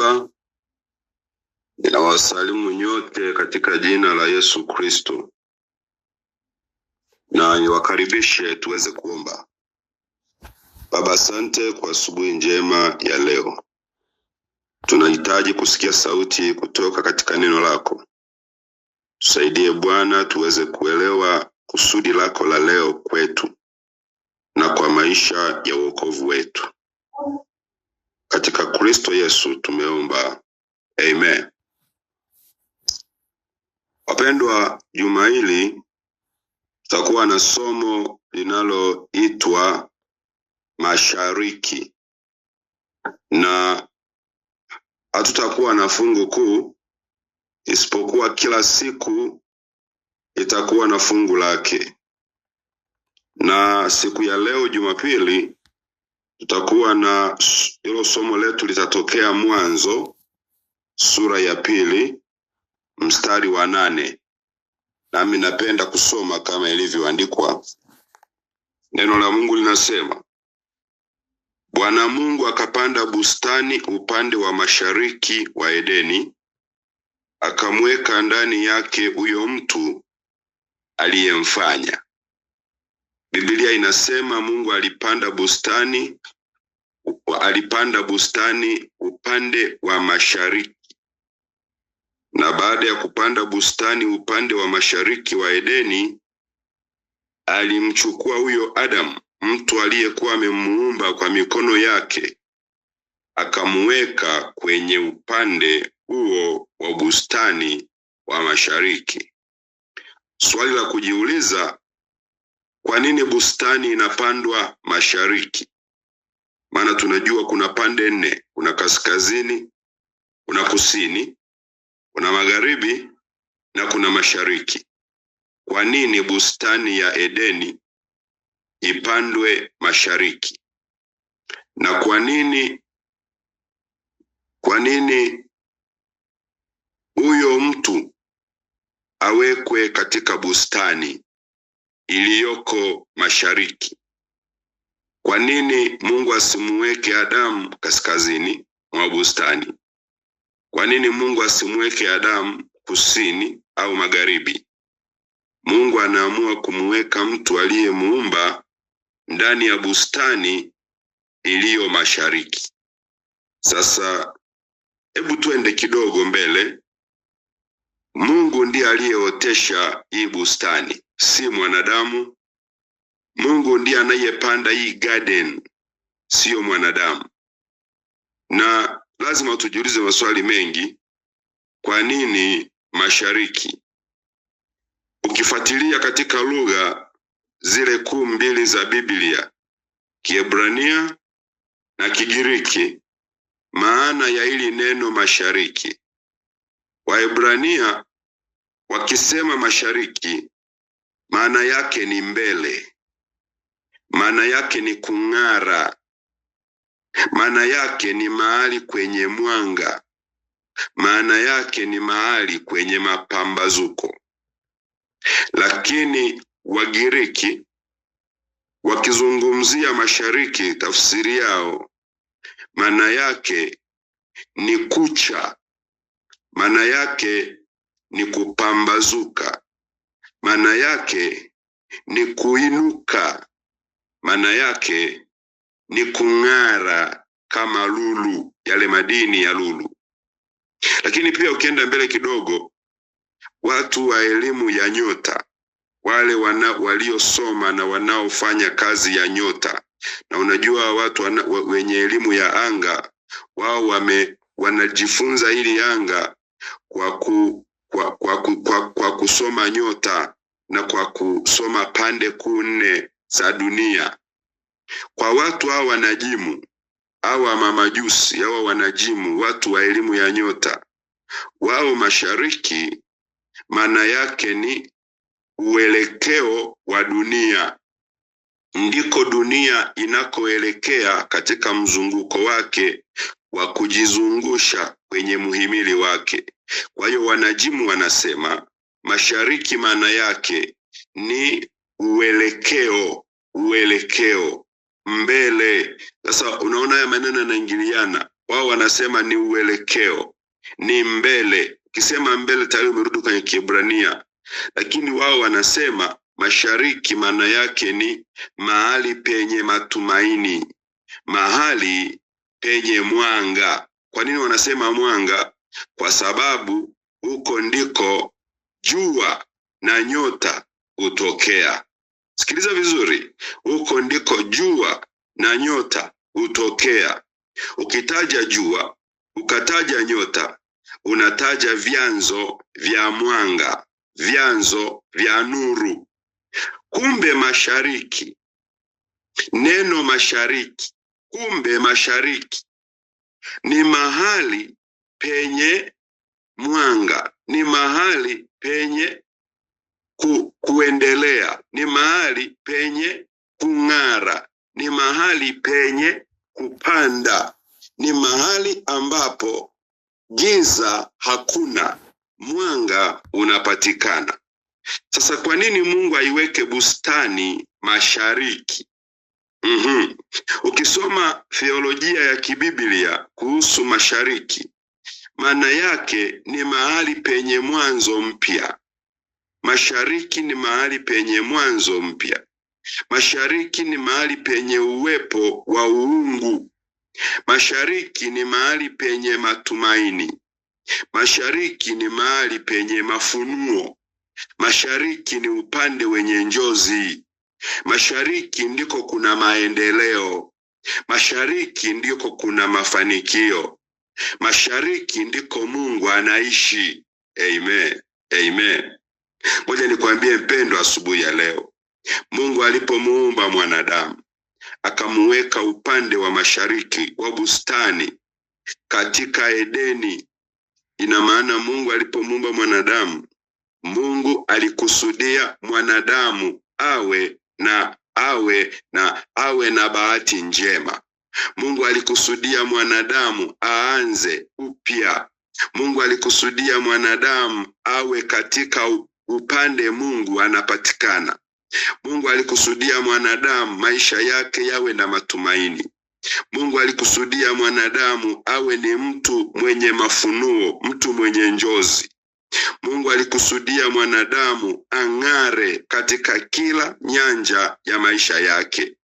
Mataifa, ninawasalimu nyote katika jina la Yesu Kristo, na niwakaribishe tuweze kuomba. Baba, asante kwa asubuhi njema ya leo. Tunahitaji kusikia sauti kutoka katika neno lako. Tusaidie Bwana, tuweze kuelewa kusudi lako la leo kwetu na kwa maisha ya wokovu wetu katika Kristo Yesu tumeomba amen. Wapendwa, juma hili tutakuwa na somo linaloitwa mashariki na hatutakuwa na fungu kuu, isipokuwa kila siku itakuwa na fungu lake. Na siku ya leo Jumapili Tutakuwa na hilo somo letu litatokea Mwanzo sura ya pili mstari wa nane nami napenda kusoma kama ilivyoandikwa. Neno la Mungu linasema, Bwana Mungu akapanda bustani upande wa mashariki wa Edeni, akamweka ndani yake huyo mtu aliyemfanya Biblia inasema Mungu alipanda bustani, alipanda bustani upande wa mashariki, na baada ya kupanda bustani upande wa mashariki wa Edeni, alimchukua huyo Adamu, mtu aliyekuwa amemuumba kwa mikono yake, akamweka kwenye upande huo wa bustani wa mashariki. Swali la kujiuliza kwa nini bustani inapandwa mashariki? Maana tunajua kuna pande nne, kuna kaskazini, kuna kusini, kuna magharibi na kuna mashariki. Kwa nini bustani ya Edeni ipandwe mashariki? Na kwa nini kwa nini huyo mtu awekwe katika bustani iliyoko mashariki. Kwa nini Mungu asimuweke Adamu kaskazini mwa bustani? Kwa nini Mungu asimuweke Adamu kusini au magharibi? Mungu anaamua kumuweka mtu aliyemuumba ndani ya bustani iliyo mashariki. Sasa hebu tuende kidogo mbele. Mungu ndiye aliyeotesha hii bustani si mwanadamu. Mungu ndiye anayepanda hii garden, siyo mwanadamu. Na lazima tujiulize maswali mengi. Kwa nini mashariki? Ukifuatilia katika lugha zile kuu mbili za Biblia, Kiebrania na Kigiriki, maana ya hili neno mashariki, Waebrania wakisema mashariki maana yake ni mbele, maana yake ni kung'ara, maana yake ni mahali kwenye mwanga, maana yake ni mahali kwenye mapambazuko. Lakini Wagiriki wakizungumzia mashariki, tafsiri yao maana yake ni kucha, maana yake ni kupambazuka, maana yake ni kuinuka, maana yake ni kung'ara kama lulu, yale madini ya lulu. Lakini pia ukienda mbele kidogo, watu wa elimu ya nyota, wale wana, waliosoma na wanaofanya kazi ya nyota, na unajua watu wana, wenye elimu ya anga wao wame wanajifunza hili anga kwa, ku, kwa, kwa, kwa, kwa, kwa kusoma nyota na kwa kusoma pande kuu nne za dunia. Kwa watu hawa wanajimu, hawa mamajusi, hawa wanajimu, watu wa elimu ya nyota, wao mashariki maana yake ni uelekeo wa dunia, ndiko dunia inakoelekea katika mzunguko wake wa kujizungusha kwenye muhimili wake. Kwa hiyo wanajimu wanasema Mashariki maana yake ni uelekeo, uelekeo mbele. Sasa unaona haya maneno yanaingiliana, wao wanasema ni uelekeo, ni mbele. Ukisema mbele tayari umerudi kwenye Kiebrania, lakini wao wanasema mashariki maana yake ni mahali penye matumaini, mahali penye mwanga. Kwa nini wanasema mwanga? Kwa sababu huko ndiko jua na nyota hutokea. Sikiliza vizuri, huko ndiko jua na nyota hutokea. Ukitaja jua ukataja nyota, unataja vyanzo vya mwanga, vyanzo vya nuru. Kumbe mashariki, neno mashariki, kumbe mashariki ni mahali penye mwanga, ni mahali penye ku, kuendelea, ni mahali penye kung'ara, ni mahali penye kupanda, ni mahali ambapo giza hakuna, mwanga unapatikana. Sasa kwa nini Mungu aiweke bustani mashariki? Mm -hmm. Ukisoma theolojia ya kibiblia kuhusu mashariki maana yake ni mahali penye mwanzo mpya. Mashariki ni mahali penye mwanzo mpya. Mashariki ni mahali penye uwepo wa uungu. Mashariki ni mahali penye matumaini. Mashariki ni mahali penye mafunuo. Mashariki ni upande wenye njozi. Mashariki ndiko kuna maendeleo. Mashariki ndiko kuna mafanikio. Mashariki ndiko Mungu anaishi. Amen. Amen. Ngoja nikwambie mpendo, asubuhi ya leo, Mungu alipomuumba mwanadamu akamuweka upande wa mashariki wa bustani katika Edeni. Ina maana Mungu alipomuumba mwanadamu, Mungu alikusudia mwanadamu awe na awe na awe na bahati njema Mungu alikusudia mwanadamu aanze upya. Mungu alikusudia mwanadamu awe katika upande Mungu anapatikana. Mungu alikusudia mwanadamu maisha yake yawe na matumaini. Mungu alikusudia mwanadamu awe ni mtu mwenye mafunuo, mtu mwenye njozi. Mungu alikusudia mwanadamu ang'are katika kila nyanja ya maisha yake.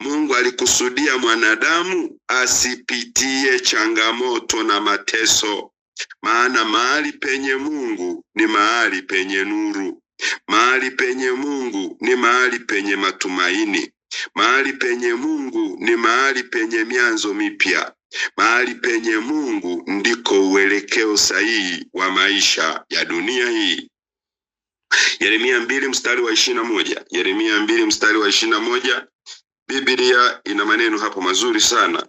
Mungu alikusudia mwanadamu asipitie changamoto na mateso, maana mahali penye Mungu ni mahali penye nuru, mahali penye Mungu ni mahali penye matumaini, mahali penye Mungu ni mahali penye mianzo mipya, mahali penye Mungu ndiko uelekeo sahihi wa maisha ya dunia hii. Yeremia mbili mstari wa ishirini na moja Yeremia mbili mstari wa ishirini na moja Biblia ina maneno hapo mazuri sana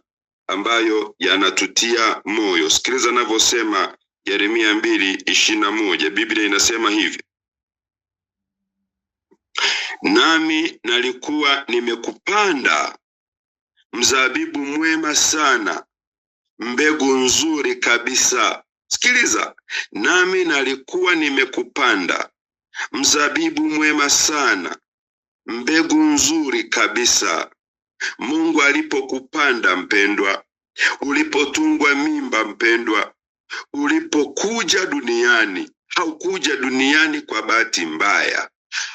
ambayo yanatutia moyo. Sikiliza anavyosema Yeremia mbili ishirini na moja. Biblia inasema hivi, nami nalikuwa nimekupanda mzabibu mwema sana, mbegu nzuri kabisa. Sikiliza, nami nalikuwa nimekupanda mzabibu mwema sana, mbegu nzuri kabisa. Mungu alipokupanda mpendwa, ulipotungwa mimba mpendwa, ulipokuja duniani, haukuja duniani kwa bahati mbaya,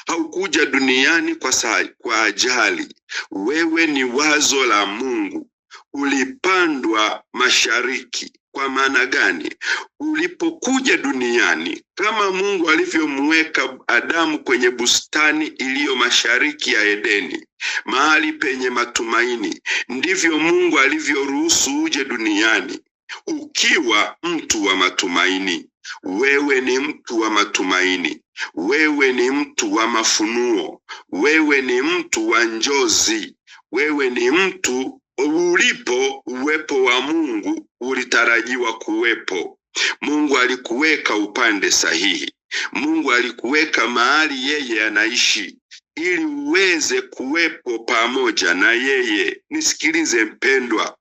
haukuja duniani kwa sa, kwa ajali. Wewe ni wazo la Mungu, ulipandwa mashariki kwa maana gani? Ulipokuja duniani kama Mungu alivyomweka Adamu kwenye bustani iliyo mashariki ya Edeni, mahali penye matumaini, ndivyo Mungu alivyoruhusu uje duniani ukiwa mtu wa matumaini. Wewe ni mtu wa matumaini, wewe ni mtu wa mafunuo, wewe ni mtu wa njozi, wewe ni mtu ulipo uwepo wa Mungu ulitarajiwa kuwepo. Mungu alikuweka upande sahihi. Mungu alikuweka mahali yeye anaishi ili uweze kuwepo pamoja na yeye. Nisikilize mpendwa,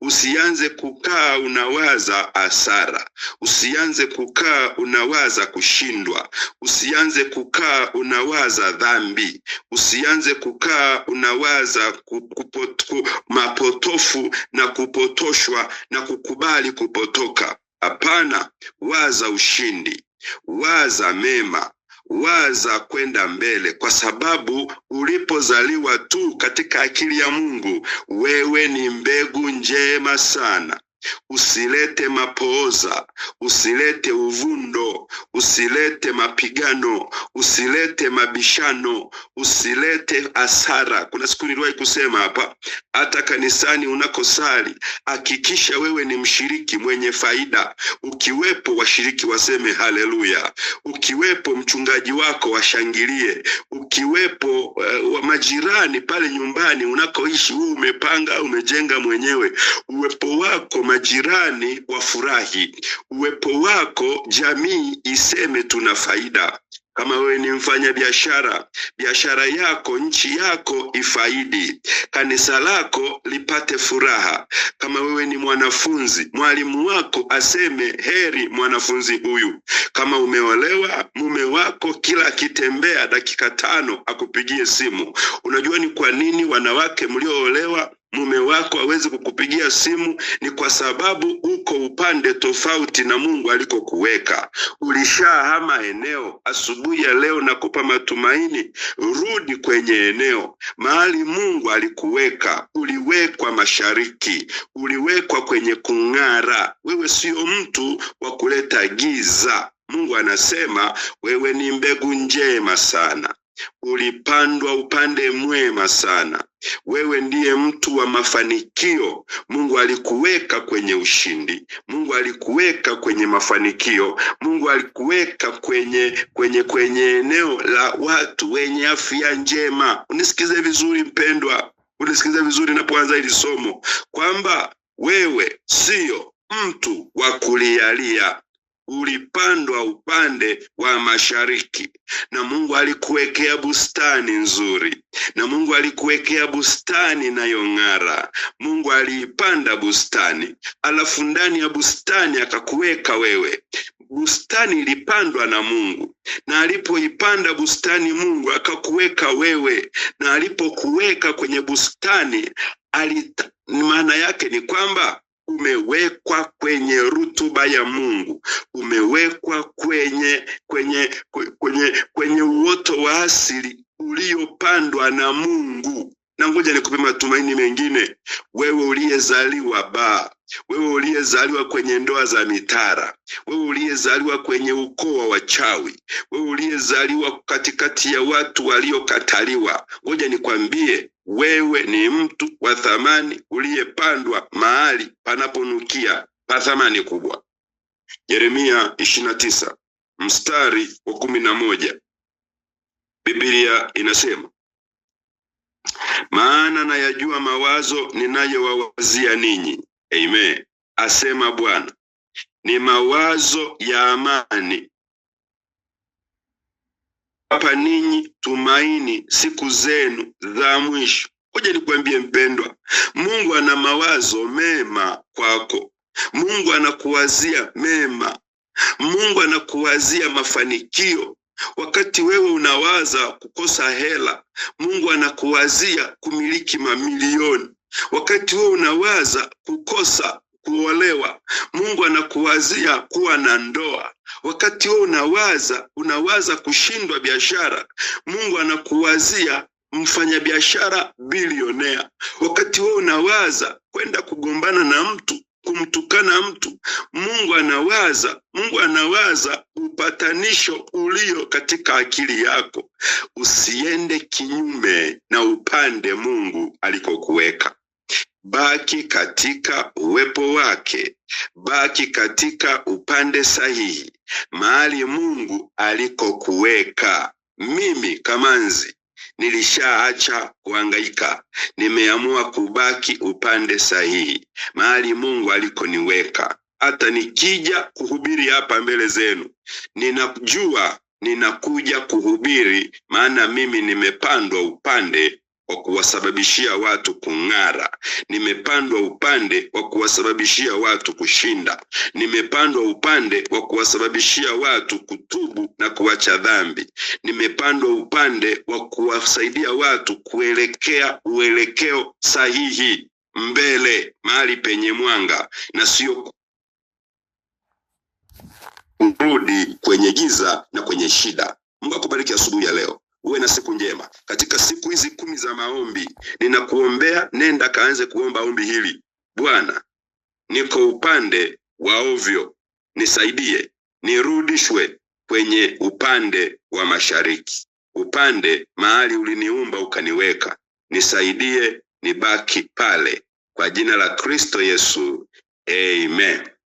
Usianze kukaa unawaza asara, usianze kukaa unawaza kushindwa, usianze kukaa unawaza dhambi, usianze kukaa unawaza kupot, mapotofu na kupotoshwa na kukubali kupotoka. Hapana, waza ushindi, waza mema, waza kwenda mbele, kwa sababu ulipozaliwa tu katika akili ya Mungu, wewe ni mbegu njema sana usilete mapooza, usilete uvundo, usilete mapigano, usilete mabishano, usilete hasara. Kuna siku niliwahi kusema hapa, hata kanisani unakosali, hakikisha wewe ni mshiriki mwenye faida. Ukiwepo washiriki waseme haleluya, ukiwepo mchungaji wako washangilie, ukiwepo uh, majirani pale nyumbani unakoishi, umepanga, umejenga mwenyewe, uwepo wako majirani wafurahi, uwepo wako jamii iseme tuna faida. Kama wewe ni mfanyabiashara, biashara yako, nchi yako ifaidi, kanisa lako lipate furaha. Kama wewe ni mwanafunzi, mwalimu wako aseme heri mwanafunzi huyu. Kama umeolewa, mume wako kila akitembea dakika tano akupigie simu. Unajua ni kwa nini wanawake mlioolewa mume wako aweze kukupigia simu ni kwa sababu uko upande tofauti na Mungu alikokuweka. Ulishahama eneo. Asubuhi ya leo nakupa matumaini, rudi kwenye eneo mahali Mungu alikuweka. Uliwekwa mashariki, uliwekwa kwenye kung'ara. Wewe sio mtu wa kuleta giza. Mungu anasema wewe ni mbegu njema sana. Ulipandwa upande mwema sana. Wewe ndiye mtu wa mafanikio. Mungu alikuweka kwenye ushindi. Mungu alikuweka kwenye mafanikio. Mungu alikuweka kwenye kwenye kwenye eneo la watu wenye afya njema. Unisikize vizuri mpendwa, unisikize vizuri napoanza hili somo kwamba wewe sio mtu wa kulialia, ulipandwa upande wa mashariki, na Mungu alikuwekea bustani nzuri, na Mungu alikuwekea bustani inayong'ara. Mungu aliipanda bustani, alafu ndani ya bustani akakuweka wewe. Bustani ilipandwa na Mungu, na alipoipanda bustani Mungu akakuweka wewe, na alipokuweka kwenye bustani alita, maana yake ni kwamba umewekwa kwenye rutuba ya Mungu, umewekwa kwenye kwenye kwenye kwenye uoto wa asili uliopandwa na Mungu. Na ngoja nikupe matumaini mengine, wewe uliyezaliwa ba wewe uliyezaliwa kwenye ndoa za mitara, wewe uliyezaliwa kwenye ukoo wa wachawi, wewe uliyezaliwa katikati ya watu waliokataliwa, ngoja nikwambie, wewe ni mtu wa thamani uliyepandwa mahali panaponukia pa thamani kubwa. Yeremia 29 mstari wa kumi na moja Biblia inasema maana nayajua mawazo ninayowawazia ninyi, Amen, asema Bwana, ni mawazo ya amani hapa ninyi tumaini siku zenu za mwisho. Ngoja kuambie mpendwa, Mungu ana mawazo mema kwako. Mungu anakuwazia mema, Mungu anakuwazia mafanikio. Wakati wewe unawaza kukosa hela, Mungu anakuwazia kumiliki mamilioni. Wakati wewe unawaza kukosa kuolewa, Mungu anakuwazia kuwa na ndoa. Wakati huo unawaza unawaza kushindwa biashara, Mungu anakuwazia mfanyabiashara bilionea. Wakati huo unawaza kwenda kugombana na mtu kumtukana mtu, Mungu anawaza Mungu anawaza upatanisho ulio katika akili yako. Usiende kinyume na upande Mungu alikokuweka baki katika uwepo wake, baki katika upande sahihi, mahali Mungu alikokuweka. Mimi Kamanzi nilishaacha kuhangaika, nimeamua kubaki upande sahihi, mahali Mungu alikoniweka. Hata nikija kuhubiri hapa mbele zenu, ninajua ninakuja kuhubiri, maana mimi nimepandwa upande wa kuwasababishia watu kung'ara, nimepandwa upande wa kuwasababishia watu kushinda, nimepandwa upande wa kuwasababishia watu kutubu na kuacha dhambi, nimepandwa upande wa kuwasaidia watu kuelekea uelekeo sahihi mbele, mahali penye mwanga na sio kurudi kwenye giza na kwenye shida. Mungu akubariki asubuhi ya leo uwe na siku njema. Katika siku hizi kumi za maombi, ninakuombea, nenda kaanze kuomba ombi hili: Bwana, niko upande wa ovyo, nisaidie nirudishwe kwenye upande wa mashariki, upande mahali uliniumba ukaniweka. Nisaidie nibaki pale, kwa jina la Kristo Yesu, amen.